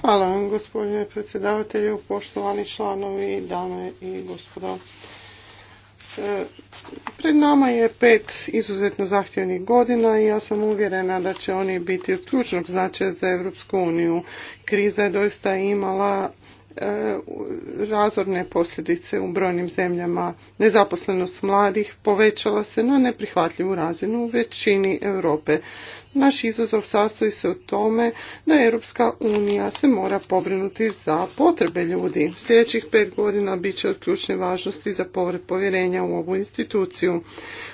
Hvala vam gospodine predsjedavatelju, poštovani članovi, dame i gospodo. E, pred nama je pet izuzetno zahtjevnih godina i ja sam uvjerena da će oni biti od ključnog značaja za Europsku uniju. Kriza je doista imala E, razorne posljedice u brojnim zemljama. Nezaposlenost mladih povećala se na neprihvatljivu razinu u većini Europe. Naš izazov sastoji se u tome da Europska unija se mora pobrinuti za potrebe ljudi. Sljedećih pet godina bit će od ključne važnosti za povjerenja u ovu instituciju.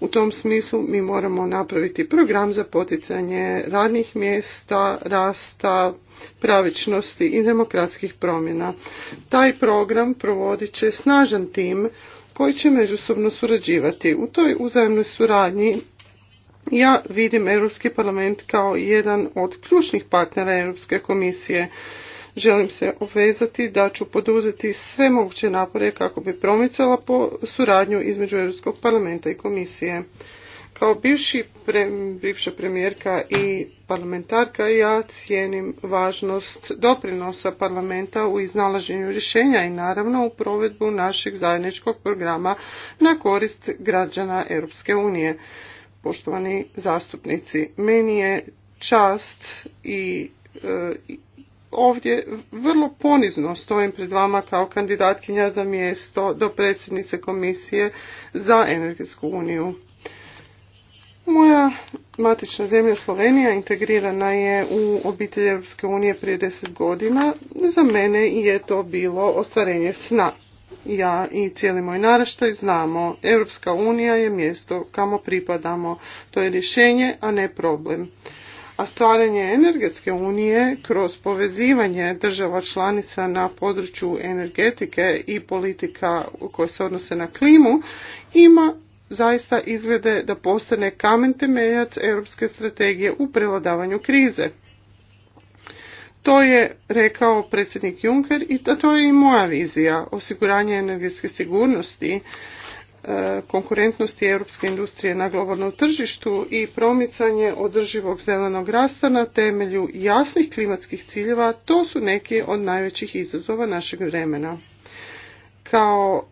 U tom smislu mi moramo napraviti program za poticanje radnih mjesta, rasta, pravičnosti i demokratskih promjena. Taj program provodit će snažan tim koji će međusobno surađivati. U toj uzajemnoj suradnji ja vidim Europski parlament kao jedan od ključnih partnera Europske komisije. Želim se obvezati da ću poduzeti sve moguće napore kako bi promicala po suradnju između Europskog parlamenta i komisije. Kao bivša premijerka i parlamentarka ja cijenim važnost doprinosa parlamenta u iznalaženju rješenja i naravno u provedbu našeg zajedničkog programa na korist građana Europske unije. Poštovani zastupnici, meni je čast i e, ovdje vrlo ponizno stojim pred vama kao kandidatkinja za mjesto do predsjednice komisije za energetsku uniju. Moja matična zemlja Slovenija integrirana je u obitelj Europske unije prije deset godina. Za mene je to bilo ostvarenje sna. Ja i cijeli moj naraštaj znamo, Europska unija je mjesto kamo pripadamo. To je rješenje, a ne problem. A stvaranje energetske unije kroz povezivanje država članica na području energetike i politika koje se odnose na klimu ima zaista izglede da postane kamen temeljac europske strategije u prevladavanju krize. To je rekao predsjednik Juncker i to je i moja vizija. Osiguranje energetske sigurnosti, e, konkurentnosti europske industrije na globalnom tržištu i promicanje održivog zelenog rasta na temelju jasnih klimatskih ciljeva, to su neki od najvećih izazova našeg vremena. Kao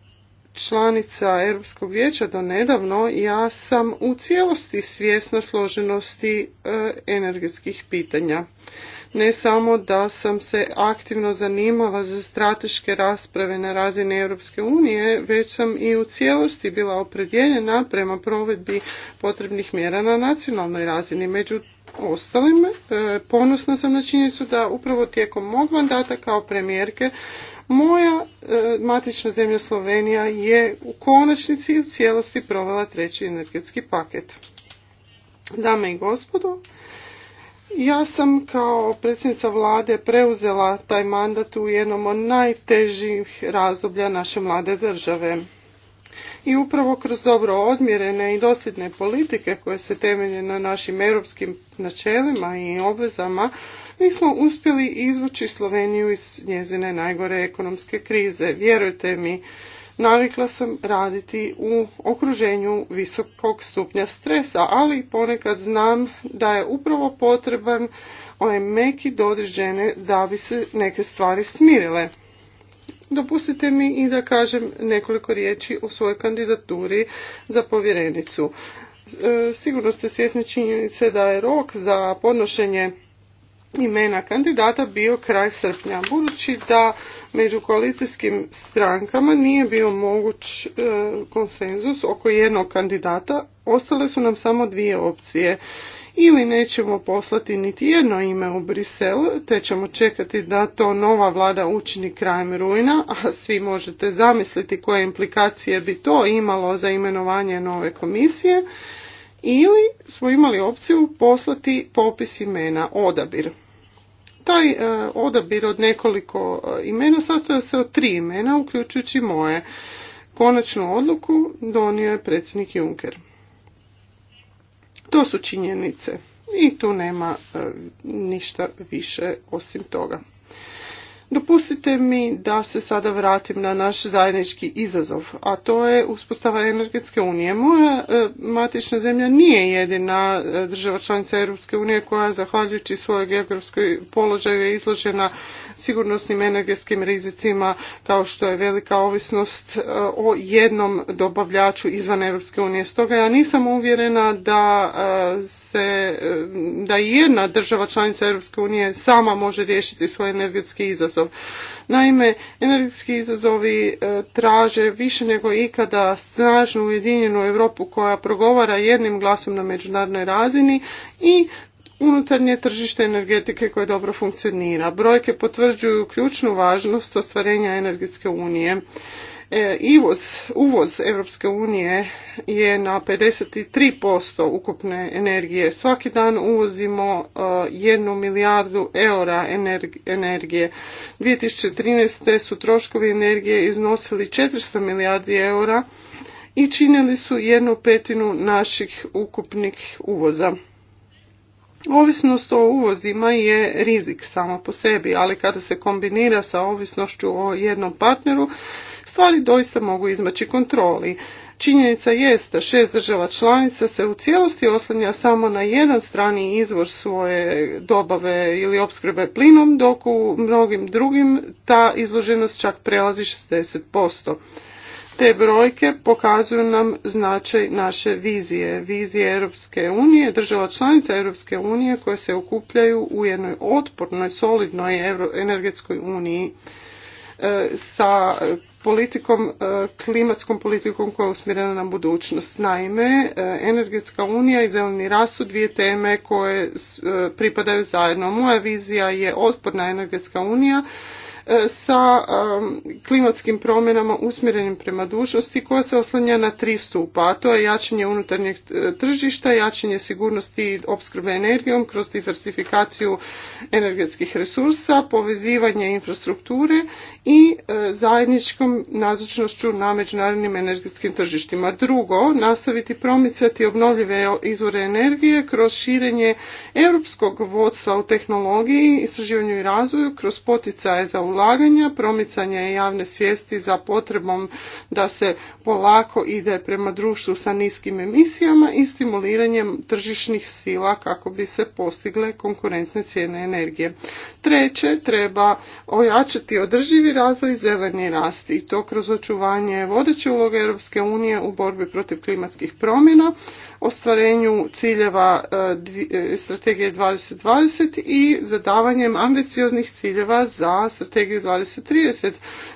članica Europskog vijeća do nedavno ja sam u cijelosti svjesna složenosti e, energetskih pitanja. Ne samo da sam se aktivno zanimala za strateške rasprave na razini Europske unije, već sam i u cijelosti bila opredjeljena prema provedbi potrebnih mjera na nacionalnoj razini. Među ostalim, e, ponosna sam na činjenicu da upravo tijekom mog mandata kao premijerke moja e, matična zemlja Slovenija je u konačnici i u cijelosti provela treći energetski paket. Dame i gospodo, ja sam kao predsjednica vlade preuzela taj mandat u jednom od najtežih razdoblja naše mlade države i upravo kroz dobro odmjerene i dosljedne politike koje se temelje na našim europskim načelima i obvezama mi smo uspjeli izvući Sloveniju iz njezine najgore ekonomske krize. Vjerujte mi, navikla sam raditi u okruženju visokog stupnja stresa, ali ponekad znam da je upravo potreban onaj meki dodir žene da bi se neke stvari smirile. Dopustite mi i da kažem nekoliko riječi o svojoj kandidaturi za povjerenicu. E, sigurno ste svjesni činjenice da je rok za podnošenje imena kandidata bio kraj srpnja. Budući da među koalicijskim strankama nije bio moguć e, konsenzus oko jednog kandidata, ostale su nam samo dvije opcije ili nećemo poslati niti jedno ime u Brisel, te ćemo čekati da to nova vlada učini krajem rujna, a svi možete zamisliti koje implikacije bi to imalo za imenovanje nove komisije, ili smo imali opciju poslati popis imena odabir. Taj e, odabir od nekoliko e, imena sastoja se od tri imena, uključujući moje. Konačnu odluku donio je predsjednik Juncker. To su činjenice i tu nema e, ništa više osim toga. Dopustite mi da se sada vratim na naš zajednički izazov, a to je uspostava energetske unije. Moja e, matična zemlja nije jedina e, država članica Europske unije koja, zahvaljujući svojoj geografskoj položaju, je izložena sigurnosnim energetskim rizicima kao što je velika ovisnost e, o jednom dobavljaču izvan Europske unije. Stoga ja nisam uvjerena da e, se e, da jedna država članica Europske unije sama može riješiti svoj energetski izazov. Naime, energetski izazovi traže više nego ikada snažnu ujedinjenu Europu koja progovara jednim glasom na međunarodnoj razini i unutarnje tržište energetike koje dobro funkcionira. Brojke potvrđuju ključnu važnost ostvarenja energetske unije. E, uvoz Europske unije je na 53% ukupne energije. Svaki dan uvozimo e, jednu milijardu eura energije. 2013. su troškovi energije iznosili 400 milijardi eura i činili su jednu petinu naših ukupnih uvoza. Ovisnost o uvozima je rizik samo po sebi, ali kada se kombinira sa ovisnošću o jednom partneru, stvari doista mogu izmaći kontroli. Činjenica jest da šest država članica se u cijelosti oslanja samo na jedan strani izvor svoje dobave ili opskrbe plinom, dok u mnogim drugim ta izloženost čak prelazi 60%. Te brojke pokazuju nam značaj naše vizije, vizije Europske unije, država članica Europske unije koje se okupljaju u jednoj otpornoj, solidnoj energetskoj uniji e, sa politikom, e, klimatskom politikom koja je usmjerena na budućnost. Naime, e, energetska unija i zeleni rast su dvije teme koje e, pripadaju zajedno. Moja vizija je otporna energetska unija sa klimatskim promjenama usmjerenim prema dužnosti koja se oslanja na tri stupa, a to je jačanje unutarnjeg tržišta, jačanje sigurnosti opskrbe energijom kroz diversifikaciju energetskih resursa, povezivanje infrastrukture i zajedničko svojom nazočnošću na međunarodnim energetskim tržištima. Drugo, nastaviti promicati obnovljive izvore energije kroz širenje europskog vodstva u tehnologiji, istraživanju i razvoju, kroz poticaje za ulaganja, promicanje javne svijesti za potrebom da se polako ide prema društvu sa niskim emisijama i stimuliranjem tržišnih sila kako bi se postigle konkurentne cijene energije. Treće, treba ojačati održivi razvoj i zeleni rast i to kroz očuvanje vodeće uloge Europske unije u borbi protiv klimatskih promjena, ostvarenju ciljeva e, e, strategije 2020 i zadavanjem ambicioznih ciljeva za strategiju 2030,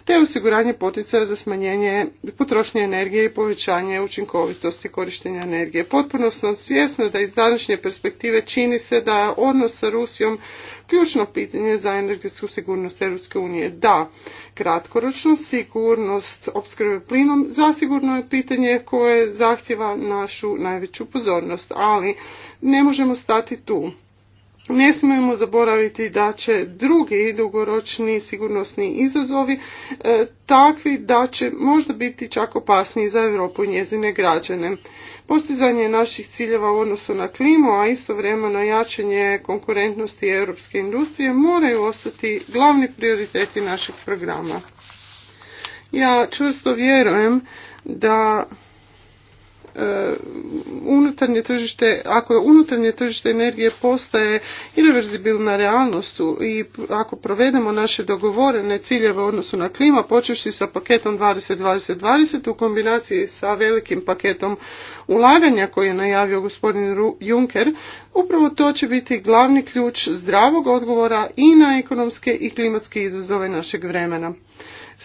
te osiguranje poticaja za smanjenje potrošnje energije i povećanje učinkovitosti korištenja energije. Potpuno sam svjesna da iz današnje perspektive čini se da je odnos sa Rusijom ključno pitanje za energetsku sigurnost Europske unije. Da, kratkoročno, sigurno sigurnost opskrbe plinom zasigurno je pitanje koje zahtjeva našu najveću pozornost, ali ne možemo stati tu. Ne smijemo zaboraviti da će drugi dugoročni sigurnosni izazovi e, takvi da će možda biti čak opasniji za Europu i njezine građane. Postizanje naših ciljeva u odnosu na klimu, a istovremeno jačanje konkurentnosti europske industrije moraju ostati glavni prioriteti našeg programa. Ja čvrsto vjerujem da e, unutarnje tržište, ako unutarnje tržište energije postaje irreverzibilna realnost i ako provedemo naše dogovorene ciljeve u odnosu na klima, počevši sa paketom 20-20-20 u kombinaciji sa velikim paketom ulaganja koji je najavio gospodin Juncker, upravo to će biti glavni ključ zdravog odgovora i na ekonomske i klimatske izazove našeg vremena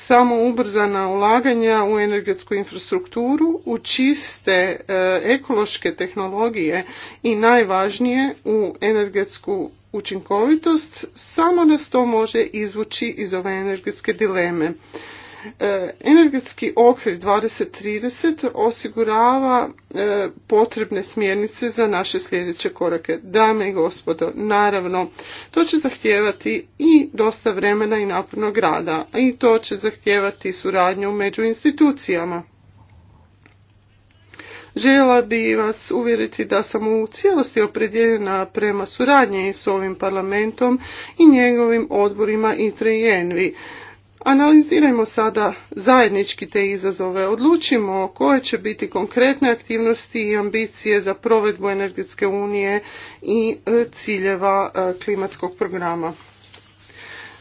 samo ubrzana ulaganja u energetsku infrastrukturu, u čiste e, ekološke tehnologije i najvažnije u energetsku učinkovitost, samo nas to može izvući iz ove energetske dileme. E, energetski okvir 2030 osigurava e, potrebne smjernice za naše sljedeće korake. Dame i gospodo, naravno, to će zahtijevati i dosta vremena i napornog rada, a i to će zahtijevati suradnju među institucijama. Željela bi vas uvjeriti da sam u cijelosti opredjeljena prema suradnji s ovim parlamentom i njegovim odborima i ENVI. Analizirajmo sada zajednički te izazove, odlučimo koje će biti konkretne aktivnosti i ambicije za provedbu energetske unije i e, ciljeva e, klimatskog programa.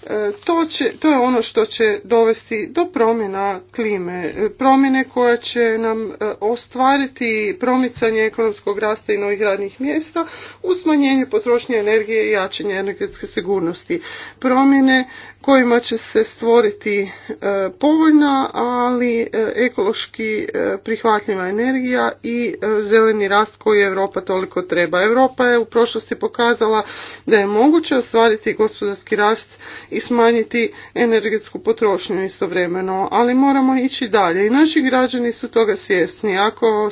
E, to, će, to je ono što će dovesti do promjena klime, e, promjene koja će nam e, ostvariti promicanje ekonomskog rasta i novih radnih mjesta u smanjenje potrošnje energije i jačanje energetske sigurnosti. Promjene kojima će se stvoriti povoljna, ali ekološki prihvatljiva energija i zeleni rast koji Europa toliko treba. Europa je u prošlosti pokazala da je moguće ostvariti gospodarski rast i smanjiti energetsku potrošnju istovremeno, ali moramo ići dalje i naši građani su toga svjesni. Ako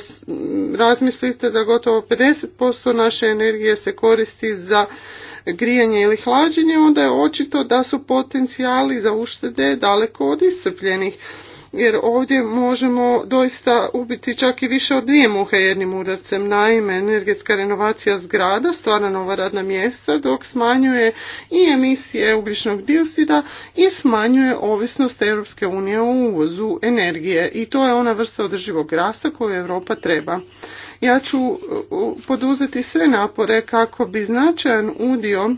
razmislite da gotovo 50% naše energije se koristi za grijanje ili hlađenje, onda je očito da su potencijali za uštede daleko od iscrpljenih jer ovdje možemo doista ubiti čak i više od dvije muhe jednim udarcem. Naime, energetska renovacija zgrada stvara nova radna mjesta dok smanjuje i emisije ugljičnog dioksida i smanjuje ovisnost Europske unije o uvozu energije i to je ona vrsta održivog rasta koju Europa treba. Ja ću uh, uh, poduzeti sve napore kako bi značajan udio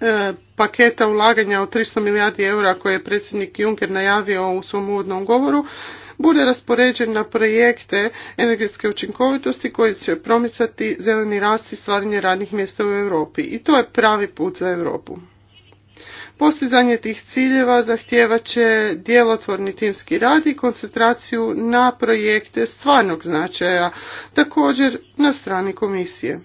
E, paketa ulaganja od 300 milijardi eura koje je predsjednik Juncker najavio u svom uvodnom govoru bude raspoređen na projekte energetske učinkovitosti koji će promicati zeleni rast i stvaranje radnih mjesta u Europi. I to je pravi put za Europu. Postizanje tih ciljeva zahtijevat će djelotvorni timski rad i koncentraciju na projekte stvarnog značaja, također na strani komisije.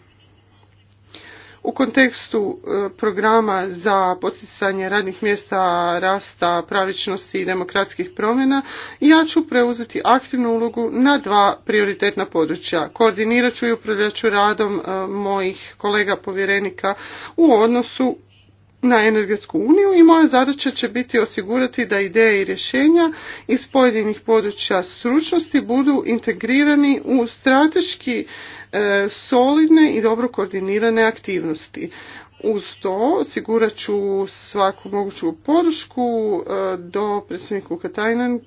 U kontekstu e, programa za poticanje radnih mjesta, rasta, pravičnosti i demokratskih promjena, ja ću preuzeti aktivnu ulogu na dva prioritetna područja. Koordinirat ću i upravljat ću radom e, mojih kolega povjerenika u odnosu na energetsku uniju i moja zadaća će biti osigurati da ideje i rješenja iz pojedinih područja stručnosti budu integrirani u strateški e, solidne i dobro koordinirane aktivnosti. Uz to osigurat ću svaku moguću podršku e, do predsjedniku Katajnen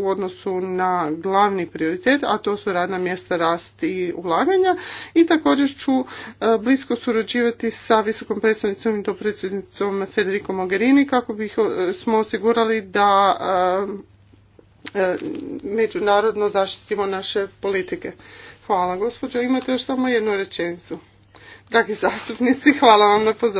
u odnosu na glavni prioritet, a to su radna mjesta, rast i ulaganja. I također ću e, blisko surađivati sa visokom predstavnicom i predsjednicom Federico Mogherini kako bi e, smo osigurali da međunarodno zaštitimo naše politike. Hvala gospođo, imate još samo jednu rečenicu dragi zastupnici, hvala vam na pozornosti.